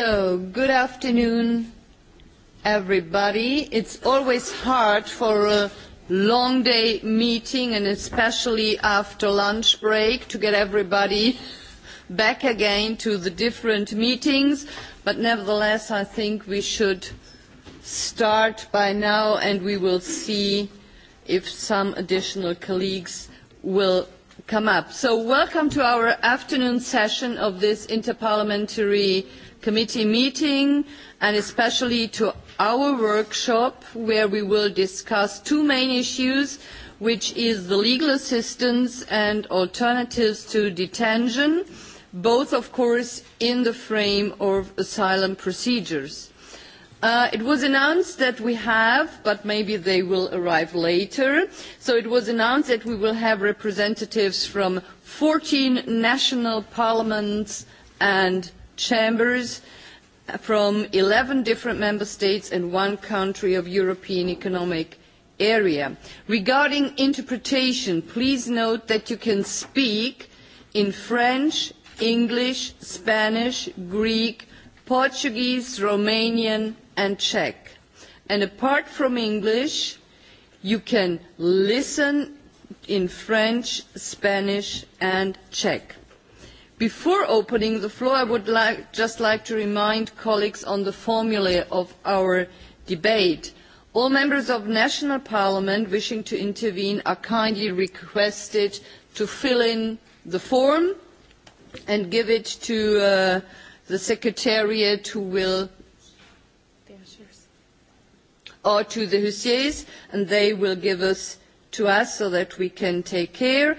So, good afternoon, everybody. It's always hard for a long day meeting and especially after lunch break to get everybody back again to the different meetings. But nevertheless, I think we should start by now and we will see if some additional colleagues will come up. So welcome to our afternoon session of this interparliamentary committee meeting and especially to our workshop where we will discuss two main issues which is the legal assistance and alternatives to detention, both of course in the frame of asylum procedures. Uh, it was announced that we have, but maybe they will arrive later, so it was announced that we will have representatives from fourteen national parliaments and chambers uh, from eleven different member states and one country of the European Economic Area. Regarding interpretation, please note that you can speak in French, English, Spanish, Greek, Portuguese, Romanian, and Czech. And apart from English, you can listen in French, Spanish and Czech. Before opening the floor, I would like, just like to remind colleagues on the formula of our debate. All members of national parliament wishing to intervene are kindly requested to fill in the form and give it to uh, the secretariat who will or to the hussiers, and they will give us to us so that we can take care.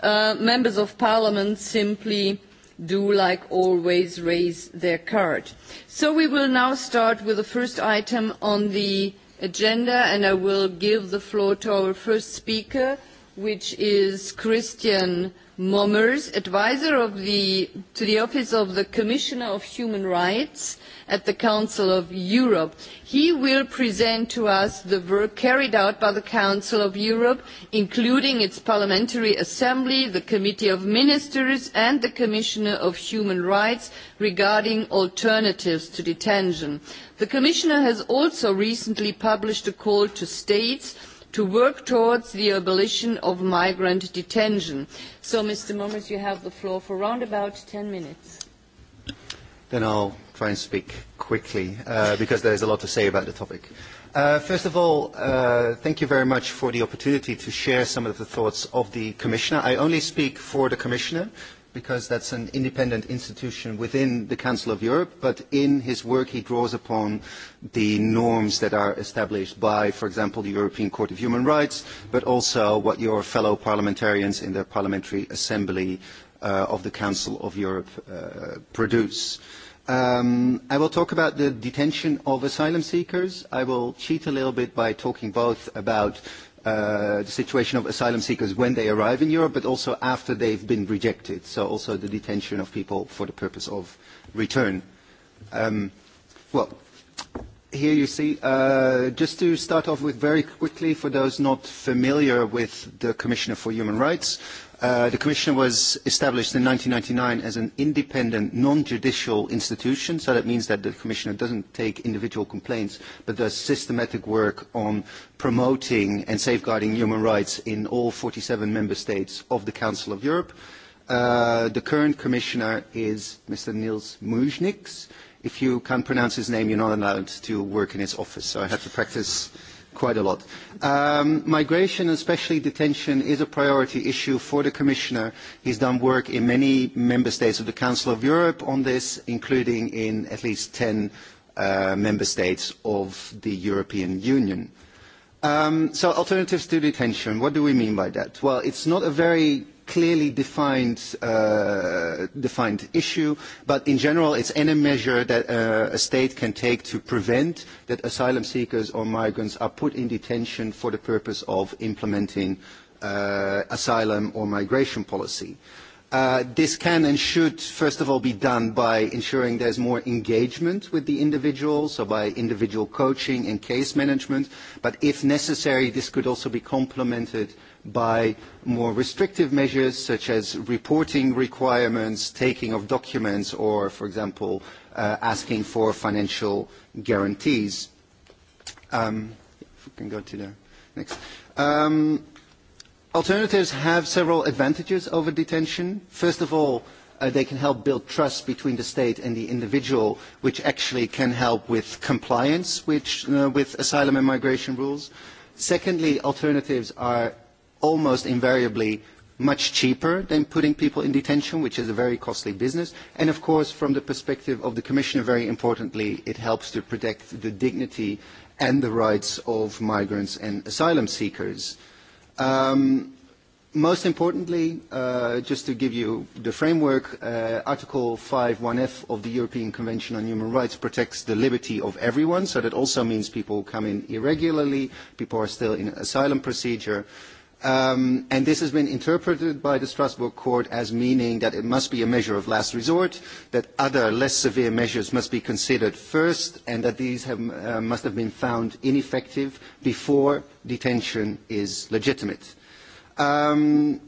Uh, members of parliament simply do like always raise their card. So we will now start with the first item on the agenda and I will give the floor to our first speaker, which is Christian Mommers, advisor of the, to the Office of the Commissioner of Human Rights at the Council of Europe. He will present to us the work carried out by the Council of Europe, including its Parliamentary Assembly, the Committee of Ministers and the Commissioner of Human Rights regarding alternatives to detention. The Commissioner has also recently published a call to states to work towards the abolition of migrant detention. So, Mr. Momers, you have the floor for around about 10 minutes. Then I'll try and speak quickly uh, because there's a lot to say about the topic. Uh, first of all, uh, thank you very much for the opportunity to share some of the thoughts of the Commissioner. I only speak for the Commissioner, because that's an independent institution within the Council of Europe, but in his work he draws upon the norms that are established by, for example, the European Court of Human Rights, but also what your fellow parliamentarians in the Parliamentary Assembly uh, of the Council of Europe uh, produce. Um, I will talk about the detention of asylum seekers. I will cheat a little bit by talking both about uh, the situation of asylum seekers when they arrive in Europe, but also after they've been rejected, so also the detention of people for the purpose of return. Um, well, here you see, uh, just to start off with very quickly, for those not familiar with the Commissioner for Human Rights, Uh, the Commission was established in ninety nine as an independent, non-judicial institution, so that means that the Commissioner doesn't take individual complaints, but does systematic work on promoting and safeguarding human rights in all forty seven member states of the Council of Europe. Uh, the current Commissioner is Mr. Niels Mujniks. If you can't pronounce his name, you're not allowed to work in his office, so I have to practice quite a lot. Um, migration, especially detention, is a priority issue for the Commissioner. He's done work in many member states of the Council of Europe on this, including in at least 10 uh, member states of the European Union. Um, so alternatives to detention, what do we mean by that? Well, it's not a very clearly defined, uh, defined issue, but in general it's any measure that uh, a state can take to prevent that asylum seekers or migrants are put in detention for the purpose of implementing uh, asylum or migration policy. Uh, this can and should, first of all, be done by ensuring there's more engagement with the individual, so by individual coaching and case management. But if necessary, this could also be complemented by more restrictive measures such as reporting requirements, taking of documents, or, for example, uh, asking for financial guarantees. Um, if we can go to the next. Um, alternatives have several advantages over detention. First of all, uh, they can help build trust between the state and the individual, which actually can help with compliance which, uh, with asylum and migration rules. Secondly, alternatives are almost invariably much cheaper than putting people in detention, which is a very costly business. And of course, from the perspective of the Commissioner, very importantly, it helps to protect the dignity and the rights of migrants and asylum seekers. Um, most importantly, uh, just to give you the framework, uh, Article 5.1f of the European Convention on Human Rights protects the liberty of everyone, so that also means people come in irregularly, people are still in asylum procedure. Uh, Um, and this has been interpreted by the Strasbourg court as meaning that it must be a measure of last resort, that other less severe measures must be considered first, and that these have, uh, must have been found ineffective before detention is legitimate. Um,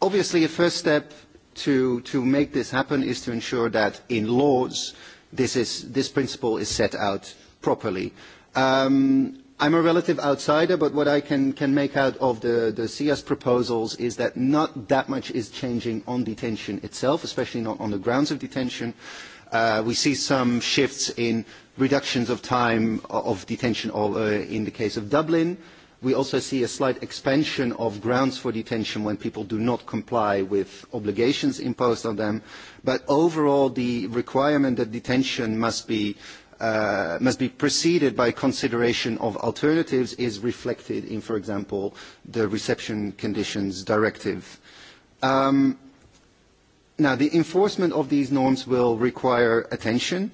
obviously, a first step to, to make this happen is to ensure that in laws this, is, this principle is set out properly. Um, I'm a relative outsider, but what I can, can make out of the, the CS proposals is that not that much is changing on detention itself, especially not on the grounds of detention. Uh, we see some shifts in reductions of time of detention of, uh, in the case of Dublin. We also see a slight expansion of grounds for detention when people do not comply with obligations imposed on them. But overall, the requirement that detention must be uh, must be preceded by consideration of alternatives is reflected in, for example, the reception conditions directive. Um, now, the enforcement of these norms will require attention,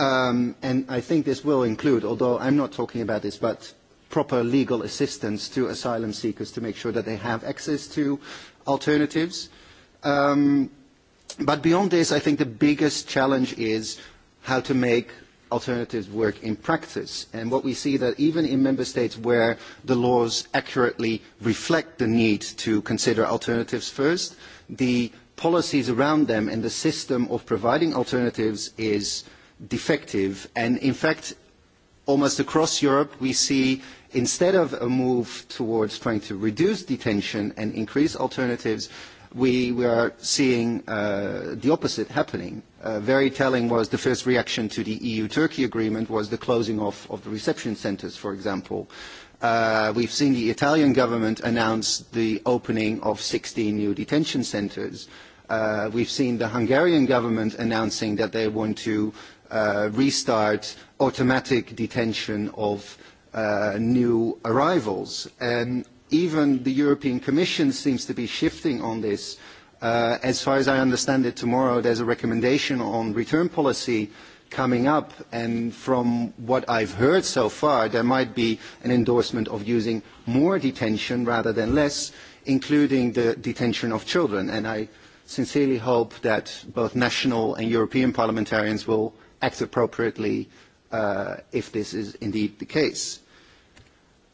um, and I think this will include, although I'm not talking about this, but proper legal assistance to asylum seekers to make sure that they have access to alternatives. Um, but beyond this, I think the biggest challenge is how to make alternatives work in practice. And what we see that even in member states where the laws accurately reflect the need to consider alternatives first, the policies around them and the system of providing alternatives is defective. And in fact, almost across Europe, we see instead of a move towards trying to reduce detention and increase alternatives, we, were are seeing uh, the opposite happening. Uh, very telling was the first reaction to the EU-Turkey agreement was the closing off of the reception centres, for example. Uh, we've seen the Italian government announce the opening of 16 new detention centres. Uh, we've seen the Hungarian government announcing that they want to uh, restart automatic detention of uh, new arrivals. And even the European Commission seems to be shifting on this. Uh, as far as I understand it, tomorrow there's a recommendation on return policy coming up, and from what I've heard so far, there might be an endorsement of using more detention rather than less, including the detention of children. And I sincerely hope that both national and European parliamentarians will act appropriately uh, if this is indeed the case.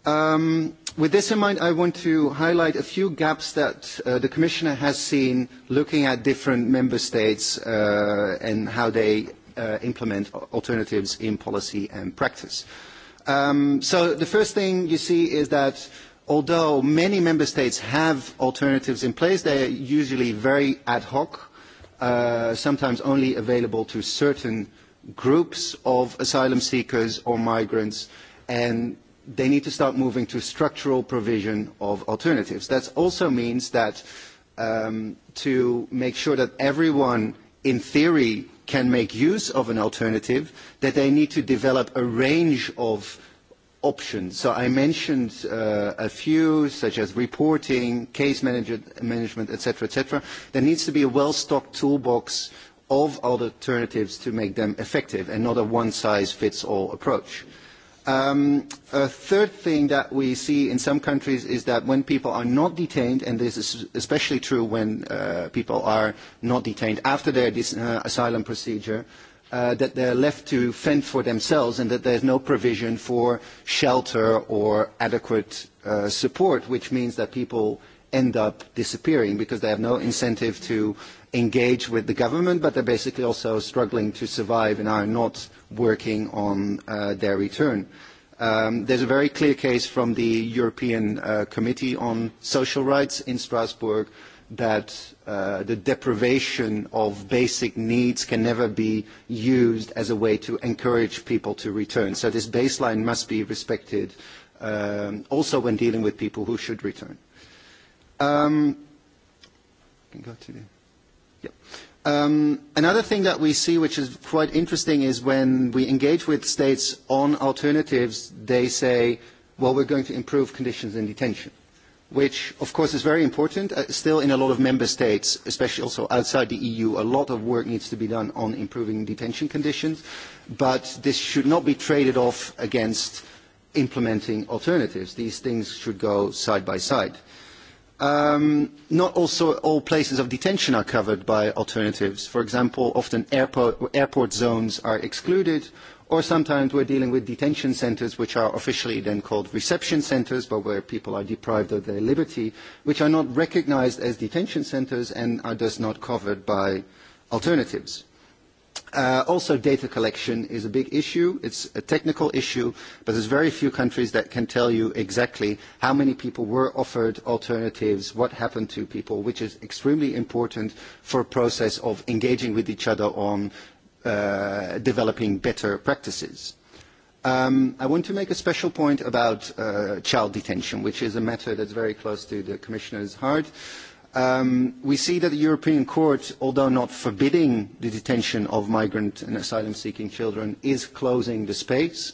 Um, With this in mind, I want to highlight a few gaps that uh, the Commissioner has seen looking at different member states uh, and how they uh, implement alternatives in policy and practice. Um, so the first thing you see is that although many member states have alternatives in place, they are usually very ad hoc, uh, sometimes only available to certain groups of asylum seekers or migrants, and they need to start moving to structural provision of alternatives. That also means that um, to make sure that everyone, in theory, can make use of an alternative, that they need to develop a range of options. So I mentioned uh, a few, such as reporting, case manager, management, etc., etc. There needs to be a well-stocked toolbox of alternatives to make them effective and not a one-size-fits-all approach. Um, a third thing that we see in some countries is that when people are not detained, and this is especially true when uh, people are not detained after their uh, asylum procedure, uh, that they're left to fend for themselves and that there's no provision for shelter or adequate uh, support, which means that people end up disappearing because they have no incentive to engage with the government, but they're basically also struggling to survive and are not working on uh, their return. Um, there's a very clear case from the European uh, Committee on Social Rights in Strasbourg that uh, the deprivation of basic needs can never be used as a way to encourage people to return. So this baseline must be respected um, also when dealing with people who should return. Um, can go to the, Um, another thing that we see, which is quite interesting, is when we engage with states on alternatives, they say, well, we're going to improve conditions in detention, which, of course, is very important. Uh, still, in a lot of member states, especially also outside the EU, a lot of work needs to be done on improving detention conditions. But this should not be traded off against implementing alternatives. These things should go side by side. Um, not also all places of detention are covered by alternatives. For example, often airport, airport zones are excluded, or sometimes we're dealing with detention centres, which are officially then called reception centres, but where people are deprived of their liberty, which are not recognised as detention centres and are thus not covered by alternatives. Uh, also, data collection is a big issue. It's a technical issue, but there's very few countries that can tell you exactly how many people were offered alternatives, what happened to people, which is extremely important for a process of engaging with each other on uh, developing better practices. Um, I want to make a special point about uh, child detention, which is a matter that's very close to the Commissioner's heart. Uh, Um, we see that the European Court, although not forbidding the detention of migrant and asylum-seeking children, is closing the space.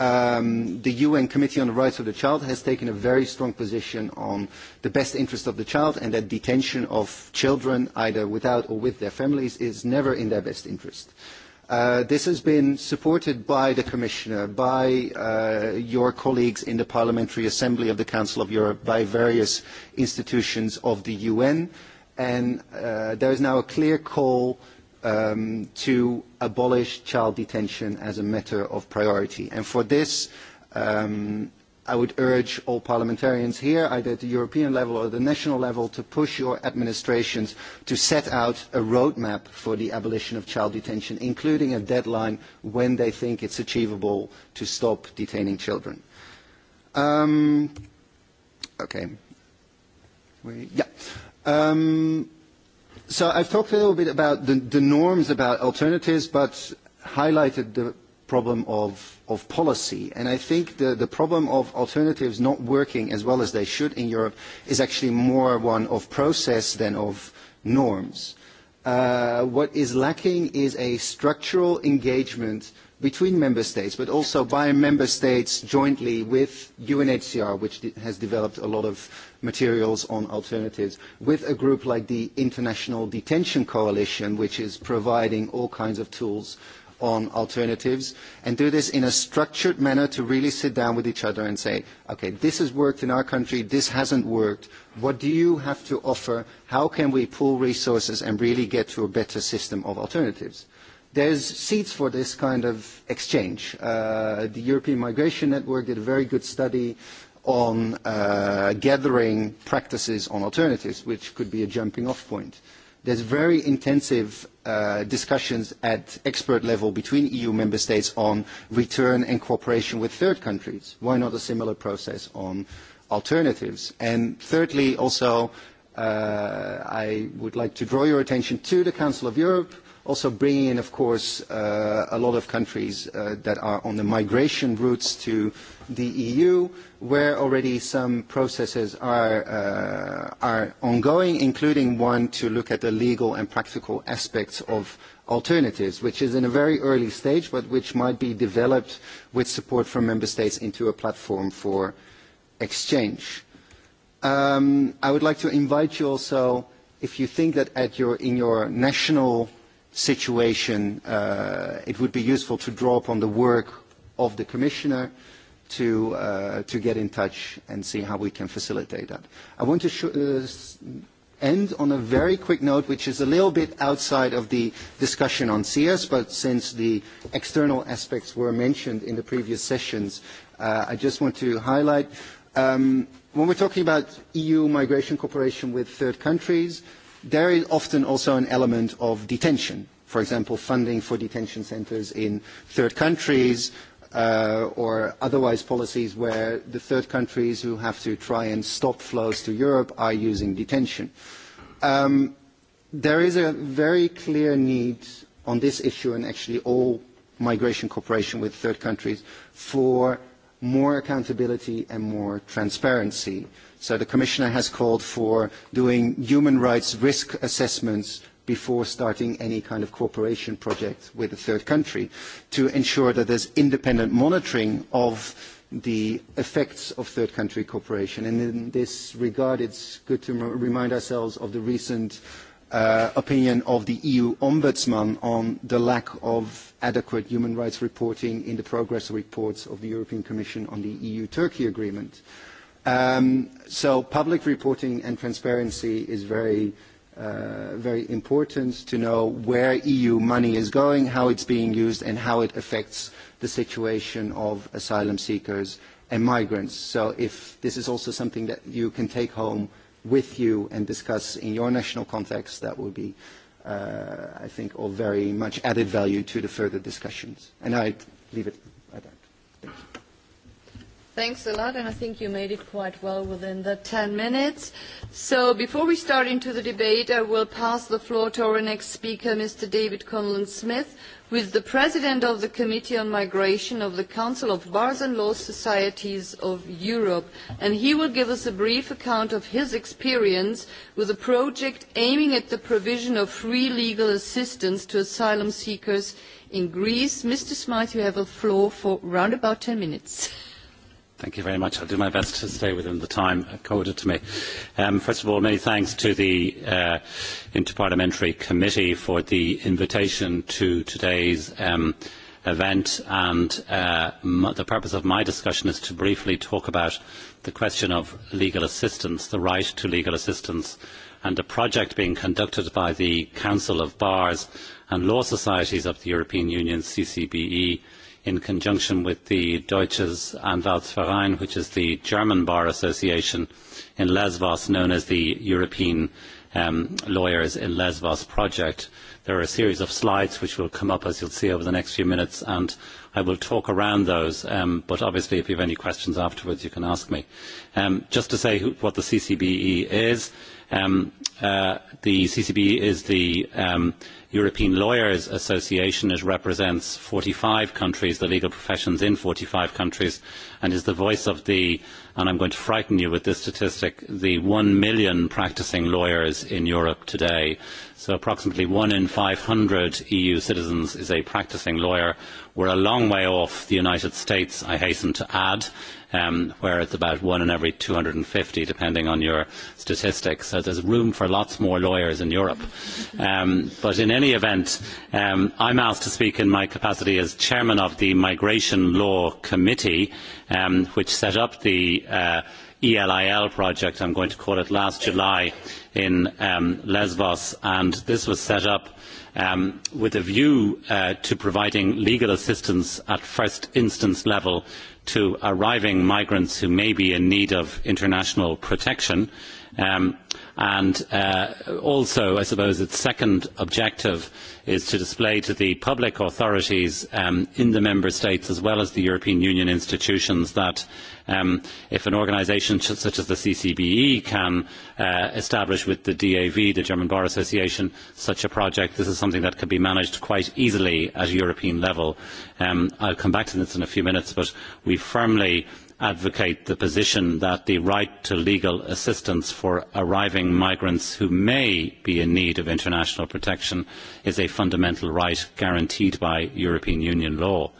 Um, the UN Committee on the Rights of the Child has taken a very strong position on the best interest of the child and that detention of children, either without or with their families, is never in their best interest. Uh, this has been supported by the Commissioner, by uh, your colleagues in the Parliamentary Assembly of the Council of Europe, by various institutions of the UN, and uh, there is now a clear call um, to abolish child detention as a matter of priority. And for this, um, i would urge all parliamentarians here, either at the European level or the national level, to push your administrations to set out a roadmap for the abolition of child detention, including a deadline when they think it is achievable to stop detaining children. Um, okay. We, yeah. Um, so I've talked a little bit about the, the norms, about alternatives, but highlighted the problem of, of policy. And I think the, the problem of alternatives not working as well as they should in Europe is actually more one of process than of norms. Uh, what is lacking is a structural engagement between member states, but also by member states jointly with UNHCR, which de has developed a lot of materials on alternatives, with a group like the International Detention Coalition, which is providing all kinds of tools on alternatives and do this in a structured manner to really sit down with each other and say, okay, this has worked in our country, this hasn't worked, what do you have to offer, how can we pool resources and really get to a better system of alternatives? There's seats for this kind of exchange. Uh, the European Migration Network did a very good study on uh, gathering practices on alternatives, which could be a jumping off point. Uh, there's very intensive uh, discussions at expert level between EU member states on return and cooperation with third countries. Why not a similar process on alternatives? And thirdly, also, uh, I would like to draw your attention to the Council of Europe, also bringing in, of course, uh, a lot of countries uh, that are on the migration routes to the EU, where already some processes are, uh, are ongoing, including one to look at the legal and practical aspects of alternatives, which is in a very early stage, but which might be developed with support from member states into a platform for exchange. Um, I would like to invite you also, if you think that at your, in your national situation, uh, it would be useful to draw upon the work of the commissioner to, uh, to get in touch and see how we can facilitate that. I want to sh uh, end on a very quick note, which is a little bit outside of the discussion on CS, but since the external aspects were mentioned in the previous sessions, uh, I just want to highlight. Um, when we're talking about EU migration cooperation with third countries, there is often also an element of detention. For example, funding for detention centres in third countries uh, or otherwise policies where the third countries who have to try and stop flows to Europe are using detention. Um, there is a very clear need on this issue and actually all migration cooperation with third countries for more accountability and more transparency so the Commissioner has called for doing human rights risk assessments before starting any kind of cooperation project with a third country to ensure that there's independent monitoring of the effects of third country cooperation. And in this regard, it's good to remind ourselves of the recent uh, opinion of the EU Ombudsman on the lack of adequate human rights reporting in the progress reports of the European Commission on the EU-Turkey agreement. Uh, Um, so public reporting and transparency is very, uh, very important to know where EU money is going, how it's being used, and how it affects the situation of asylum seekers and migrants. So if this is also something that you can take home with you and discuss in your national context, that would be, uh, I think, of very much added value to the further discussions. And I leave it. Thanks a lot, and I think you made it quite well within the 10 minutes. So before we start into the debate, I will pass the floor to our next speaker, Mr. David Conlon-Smith, who is the President of the Committee on Migration of the Council of Bars and Law Societies of Europe, and he will give us a brief account of his experience with a project aiming at the provision of free legal assistance to asylum seekers in Greece. Mr. Smith, you have the floor for round about 10 minutes. Thank you very much. I'll do my best to stay within the time accorded to me. Um, first of all, many thanks to the uh, Interparliamentary Committee for the invitation to today's um, event. And uh, m the purpose of my discussion is to briefly talk about the question of legal assistance, the right to legal assistance, and a project being conducted by the Council of Bars and Law Societies of the European Union, CCBE, in conjunction with the Deutsches Anwaltsverein, which is the German Bar Association in Lesbos, known as the European um, Lawyers in Lesbos Project. There are a series of slides which will come up, as you'll see, over the next few minutes, and I will talk around those, um, but obviously if you have any questions afterwards, you can ask me. Um, just to say who, what the CCBE is, um, uh, the CCBE is the um, European Lawyers Association. It represents forty five countries, the legal professions in forty five countries, and is the voice of the and I'm going to frighten you with this statistic, the one million practising lawyers in Europe today. So approximately one in five hundred EU citizens is a practising lawyer. We're a long way off the United States, I hasten to add, um, where it's about one in every two hundred and fifty, depending on your statistics. So there's room for lots more lawyers in Europe. Um, but in any event, um, I'm asked to speak in my capacity as chairman of the Migration Law Committee um, which set up the uh, ELIL project, I am going to call it, last July in um, Lesbos. And this was set up um, with a view uh, to providing legal assistance at first instance level to arriving migrants who may be in need of international protection. Um, And uh, also, I suppose its second objective is to display to the public authorities um, in the member states as well as the European Union institutions that um, if an organisation such as the CCBE can uh, establish with the DAV, the German Bar Association, such a project, this is something that can be managed quite easily at a European level. Um, I will come back to this in a few minutes, but we firmly advocate the position that the right to legal assistance for arriving migrants who may be in need of international protection is a fundamental right guaranteed by European Union law.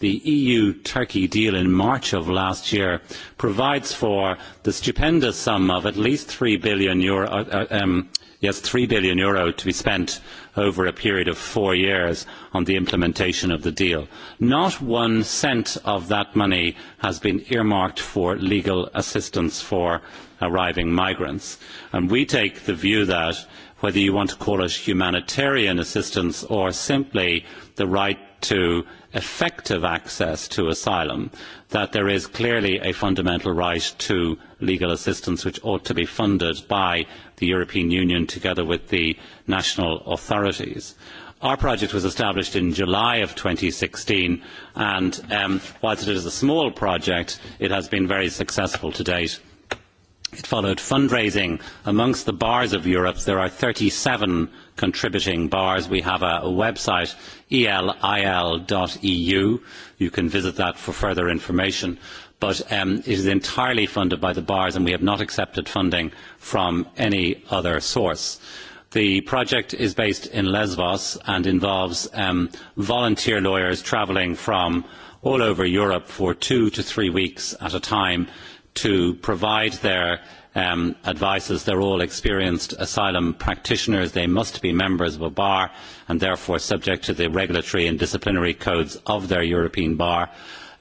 The EU-Turkey deal in March of last year provides for the stupendous sum of at least three billion euro, uh, uh um, yes, 3 billion euro to be spent over a period of four years on the implementation of the deal. Not one cent of that money has been earmarked for legal assistance for arriving migrants. And we take the view that whether you want to call it humanitarian assistance or simply the right to effective access to asylum, that there is clearly a fundamental right to legal assistance which ought to be funded by the European Union together with the national authorities. Our project was established in July of sixteen and um, whilst it is a small project, it has been very successful to date. It followed fundraising amongst the bars of Europe. There are thirty seven contributing bars. We have a, a website, elil.eu. You can visit that for further information but um, it is entirely funded by the bars and we have not accepted funding from any other source. The project is based in Lesbos and involves um, volunteer lawyers travelling from all over Europe for two to three weeks at a time to provide their um, advice They they're all experienced asylum practitioners. They must be members of a bar and therefore subject to the regulatory and disciplinary codes of their European bar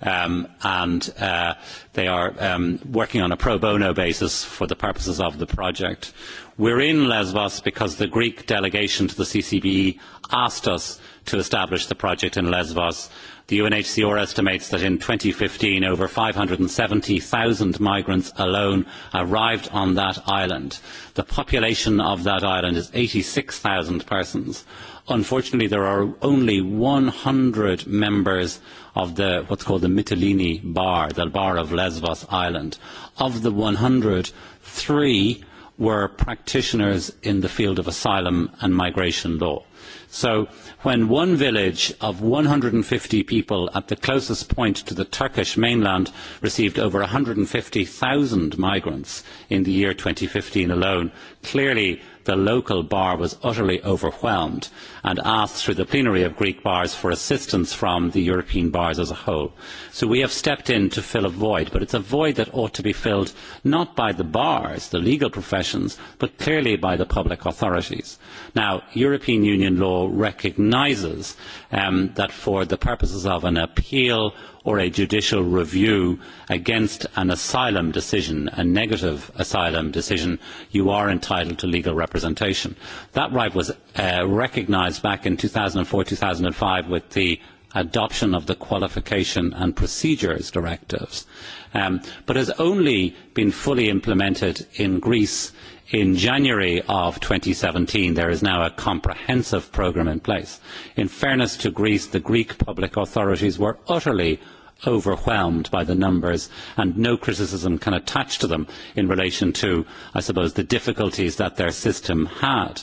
um, and uh, they are um, working on a pro bono basis for the purposes of the project. We're in Lesbos because the Greek delegation to the CCBE asked us to establish the project in Lesbos. The UNHCR estimates that in fifteen over five hundred and 570,000 migrants alone arrived on that island. The population of that island is eighty 86,000 persons. Unfortunately, there are only one hundred members of the what's called the Mytilene Bar, the Bar of Lesbos Island. Of the 100, three were practitioners in the field of asylum and migration law. So when one village of one hundred and fifty people at the closest point to the Turkish mainland received over one hundred and fifty 150,000 migrants in the year fifteen alone, clearly the local bar was utterly overwhelmed and asked through the plenary of Greek bars for assistance from the European bars as a whole. So we have stepped in to fill a void, but it is a void that ought to be filled not by the bars, the legal professions, but clearly by the public authorities. Now, European Union law recognises um, that for the purposes of an appeal or a judicial review against an asylum decision, a negative asylum decision, you are entitled to legal representation. That right was uh, recognised recognised back in two thousand and four two thousand and five with the adoption of the qualification and procedures directives, um, but has only been fully implemented in Greece in January of seventeen. There is now a comprehensive programme in place. In fairness to Greece, the Greek public authorities were utterly overwhelmed by the numbers and no criticism can attach to them in relation to, I suppose, the difficulties that their system had.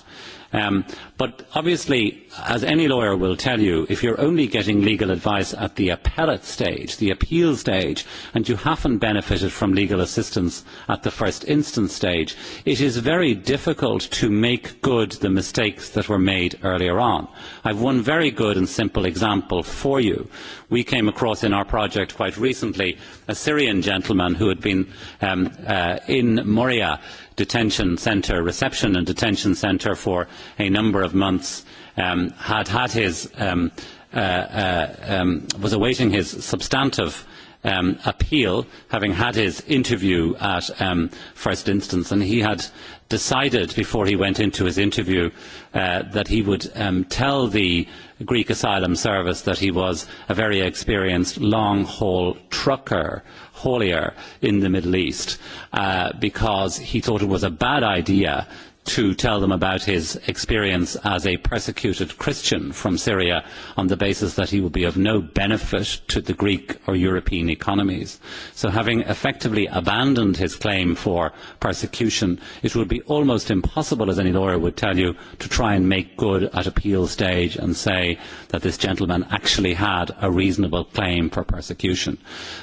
Um, but obviously, as any lawyer will tell you, if you're only getting legal advice at the appellate stage, the appeal stage, and you haven't benefited from legal assistance at the first instance stage, it is very difficult to make good the mistakes that were made earlier on. I have one very good and simple example for you. We came across in our project quite recently a Syrian gentleman who had been um, uh, in Moria detention centre, reception and detention centre for a number of months, um, had had his, um, uh, uh, um, was awaiting his substantive um, appeal, having had his interview at um, first instance, and he had decided before he went into his interview uh, that he would um, tell the Greek Asylum Service that he was a very experienced long haul trucker haulier in the Middle East uh, because he thought it was a bad idea to tell them about his experience as a persecuted Christian from Syria on the basis that he would be of no benefit to the Greek or European economies. So having effectively abandoned his claim for persecution, it would be almost impossible, as any lawyer would tell you, to try and make good at appeal stage and say that this gentleman actually had a reasonable claim for persecution.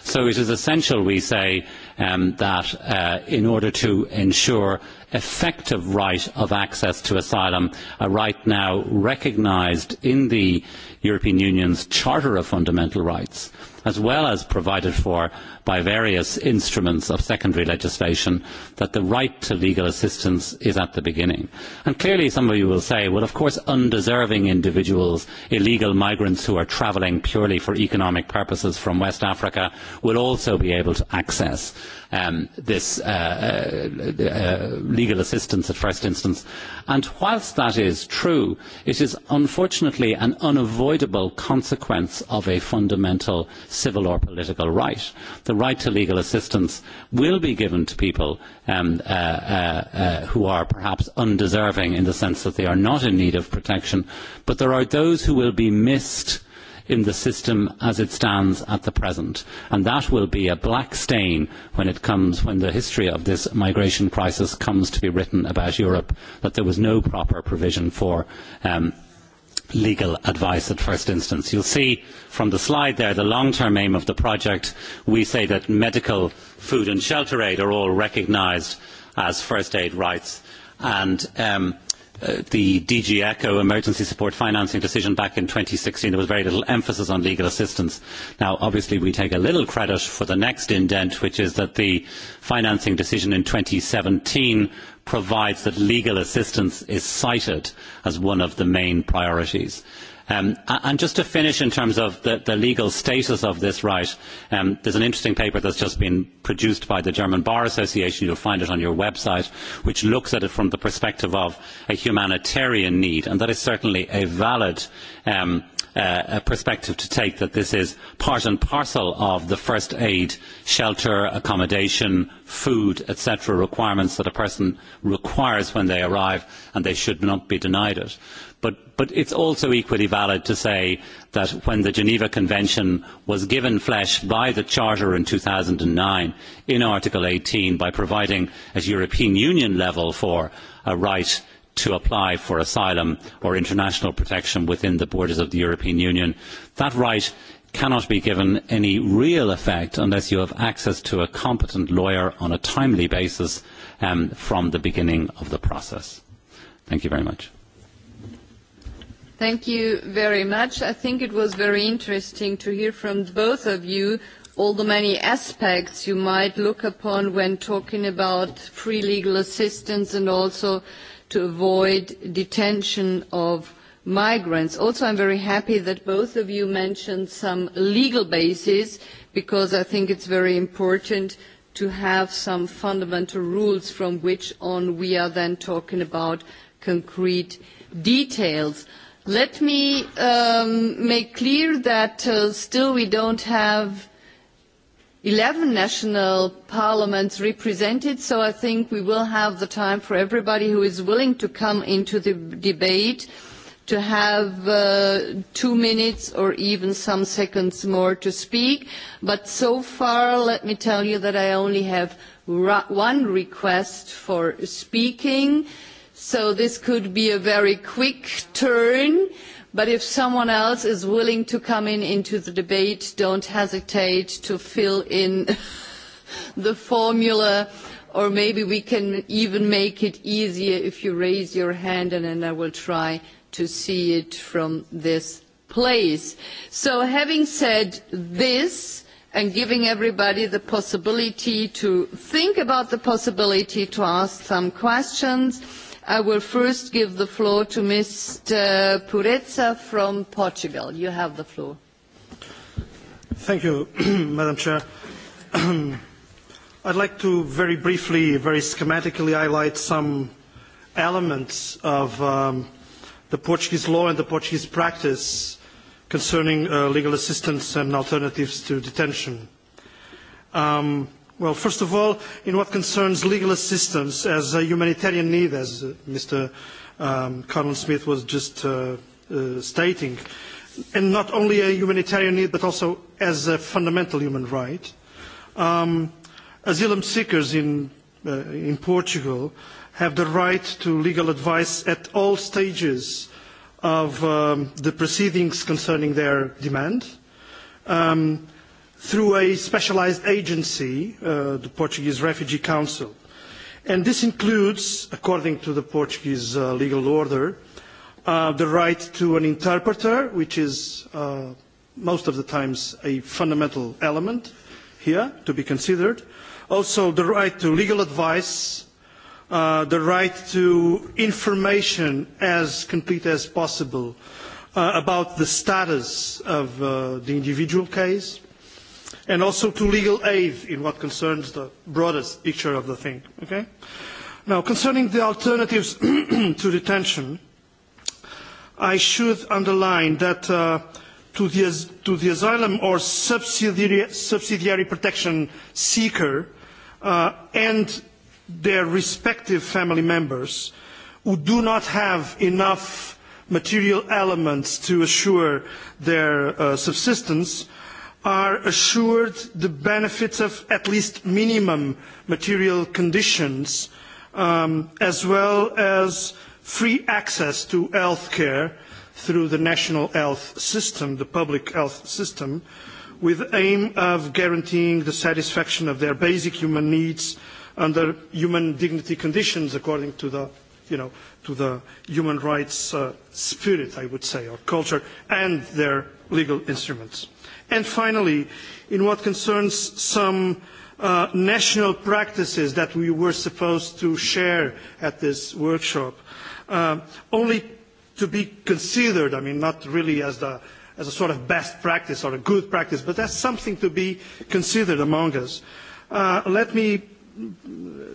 So it is essential, we say, um, that uh, in order to ensure effective right of access to asylum, a right now recognised in the European Union's Charter of Fundamental Rights, as well as provided for by various instruments of secondary legislation that the right to legal assistance is at the beginning. And clearly some of you will say, well of course undeserving individuals, illegal migrants who are travelling purely for economic purposes from West Africa will also be able to access um, this uh, uh, uh, legal assistance at first instance. And whilst that is true, it is unfortunately an unavoidable consequence of a fundamental civil or political right. The the right to legal assistance will be given to people um, uh, uh, uh, who are perhaps undeserving in the sense that they are not in need of protection, but there are those who will be missed in the system as it stands at the present. And that will be a black stain when it comes, when the history of this migration crisis comes to be written about Europe, that there was no proper provision for um, legal advice at first instance. You will see from the slide there the long-term aim of the project. We say that medical, food and shelter aid are all recognised as first aid rights and um, uh, the DG ECHO emergency support financing decision back in sixteen there was very little emphasis on legal assistance. Now, obviously, we take a little credit for the next indent, which is that the financing decision in seventeen provides that legal assistance is cited as one of the main priorities. Um, and just to finish in terms of the, the legal status of this right, um, there's an interesting paper that's just been produced by the German Bar Association, you'll find it on your website, which looks at it from the perspective of a humanitarian need, and that is certainly a valid um, uh, a perspective to take that this is part and parcel of the first aid, shelter, accommodation, food, etc., requirements that a person requires when they arrive, and they should not be denied it. But, but it is also equally valid to say that when the Geneva Convention was given flesh by the Charter in two thousand nine in Article eighteen by providing at European Union level for a right to apply for asylum or international protection within the borders of the European Union, that right cannot be given any real effect unless you have access to a competent lawyer on a timely basis Um, from the beginning of the process. Thank you very much. Thank you very much. I think it was very interesting to hear from both of you all the many aspects you might look upon when talking about free legal assistance and also to avoid detention of migrants. Also, I am very happy that both of you mentioned some legal basis because I think it is very important to have some fundamental rules from which on we are then talking about concrete details. Let me um, make clear that uh, still we don't have eleven national parliaments represented, so I think we will have the time for everybody who is willing to come into the debate to have uh, two minutes or even some seconds more to speak. But so far, let me tell you that I only have one request for speaking. So this could be a very quick turn. But if someone else is willing to come in into the debate, don't hesitate to fill in the formula or maybe we can even make it easier if you raise your hand and then I will try to see it from this place. So having said this, and giving everybody the possibility to think about the possibility to ask some questions, i will first give the floor to Mr. Pureza from Portugal. You have the floor. Thank you, Madam Chair. I'd like to very briefly, very schematically highlight some elements of um, the Portuguese law and the Portuguese practice concerning uh, legal assistance and alternatives to detention. Um, well, first of all, in what concerns legal assistance as a humanitarian need, as uh, Mr. Um, Smith was just uh, uh, stating, and not only a humanitarian need but also as a fundamental human right, um, asylum seekers in, uh, in Portugal have the right to legal advice at all stages of um, the proceedings concerning their demand um, through a specialised agency, uh, the Portuguese Refugee Council. And this includes, according to the Portuguese uh, legal order, uh, the right to an interpreter, which is uh, most of the times a fundamental element here to be considered. Also, the right to legal advice Uh, the right to information as complete as possible uh, about the status of uh, the individual case and also to legal aid in what concerns the broadest picture of the thing. Okay? Now, concerning the alternatives to detention, I should underline that uh, to, the, to the asylum or subsidiary, subsidiary protection seeker uh, and their respective family members who do not have enough material elements to assure their uh, subsistence are assured the benefits of at least minimum material conditions um, as well as free access to health care through the national health system, the public health system, with the aim of guaranteeing the satisfaction of their basic human needs under human dignity conditions according to the, you know, to the human rights uh, spirit, I would say, or culture, and their legal instruments. And finally, in what concerns some uh, national practices that we were supposed to share at this workshop, uh, only to be considered, I mean, not really as the as a sort of best practice or a good practice, but as something to be considered among us. Uh, let me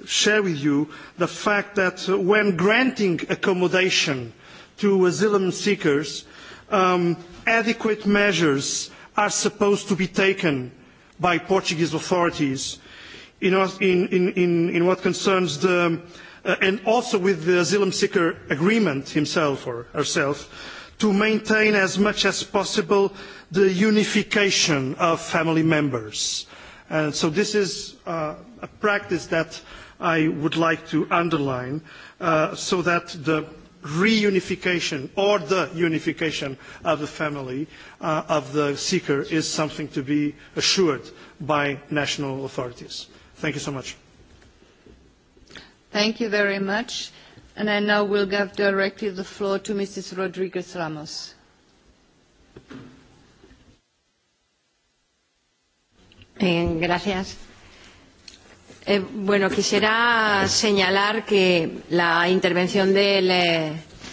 share with you the fact that uh, when granting accommodation to asylum seekers, um, adequate measures are supposed to be taken by Portuguese authorities in, in, in, in what concerns the, uh, and also with the asylum seeker agreement himself or herself, to maintain as much as possible the unification of family members so this is uh, a practice that I would like to underline uh, so that the reunification or the unification of the family uh, of the seeker is something to be assured by national authorities. Thank you so much. Thank you very much. And I now will give directly the floor to Mrs. Rodriguez Ramos. Thank you. Eh, gracias. Eh, bueno, quisiera señalar que la intervención del eh,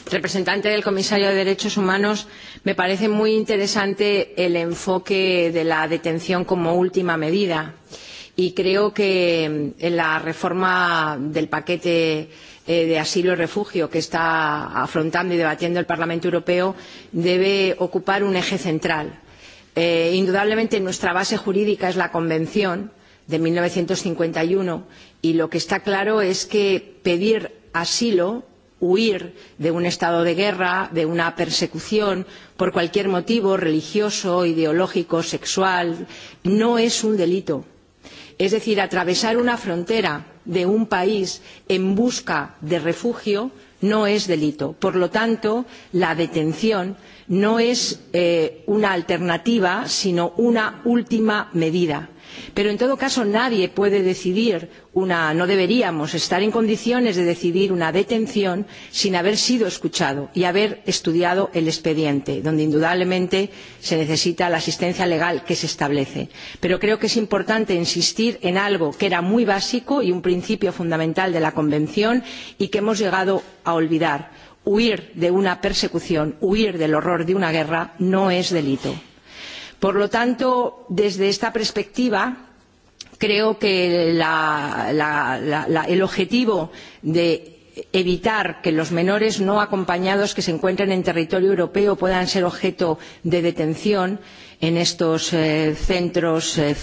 representante del comisario de Derechos Humanos me parece muy interesante el enfoque de la detención como última medida y creo que mm, en la reforma del paquete eh, de asilo y refugio que está afrontando y debatiendo el Parlamento Europeo debe ocupar un eje central Eh, indudablemente nuestra base jurídica es la Convención de mil novecientos cincuenta y uno y lo que está claro es que pedir asilo huir de un estado de guerra, de una persecución por cualquier motivo religioso, ideológico, sexual, no es un delito. Es decir, atravesar una frontera de un país en busca de refugio no es delito. Por lo tanto, la detención no es eh, una alternativa, sino una última medida. Pero en todo caso nadie puede decidir una no deberíamos estar en condiciones de decidir una detención sin haber sido escuchado y haber estudiado el expediente, donde indudablemente se necesita la asistencia legal que se establece. Pero creo que es importante insistir en algo que era muy básico y un principio fundamental de la Convención y que hemos llegado a olvidar huir de una persecución, huir del horror de una guerra, no es delito. Por lo tanto, desde esta perspectiva, creo que la, la, la, el objetivo de evitar que los menores no acompañados que se encuentren en territorio europeo puedan ser objeto de detención en estos eh, centros eh,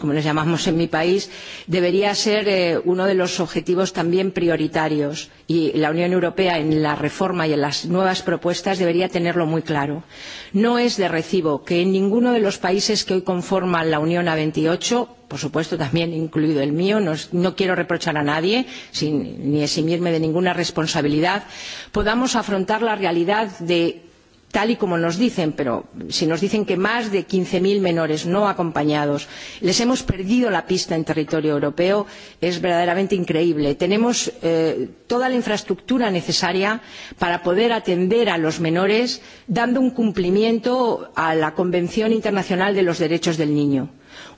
como les llamamos en mi país, debería ser eh, uno de los objetivos también prioritarios y la Unión Europea en la reforma y en las nuevas propuestas debería tenerlo muy claro. No es de recibo que en ninguno de los países que hoy conforman la Unión a veintiocho por supuesto también incluido el mío, no, no quiero reprochar a nadie sin, ni eximirme de ninguna responsabilidad, podamos afrontar la realidad de tal y como nos dicen, pero si nos dicen que más de quince 15.000 menores no acompañados les hemos perdido la pista en territorio europeo, es verdaderamente increíble. Tenemos eh, toda la infraestructura necesaria para poder atender a los menores dando un cumplimiento a la Convención Internacional de los Derechos del Niño